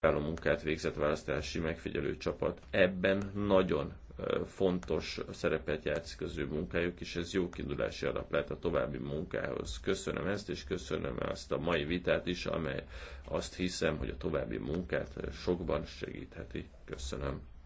kiváló munkát végzett választási megfigyelő csapat. Ebben nagyon fontos szerepet játszik az ő munkájuk, és ez jó kiindulási alap lehet a további munkához. Köszönöm ezt, és köszönöm ezt a mai vitát is, amely azt hiszem, hogy a további munkát sokban segítheti. Köszönöm.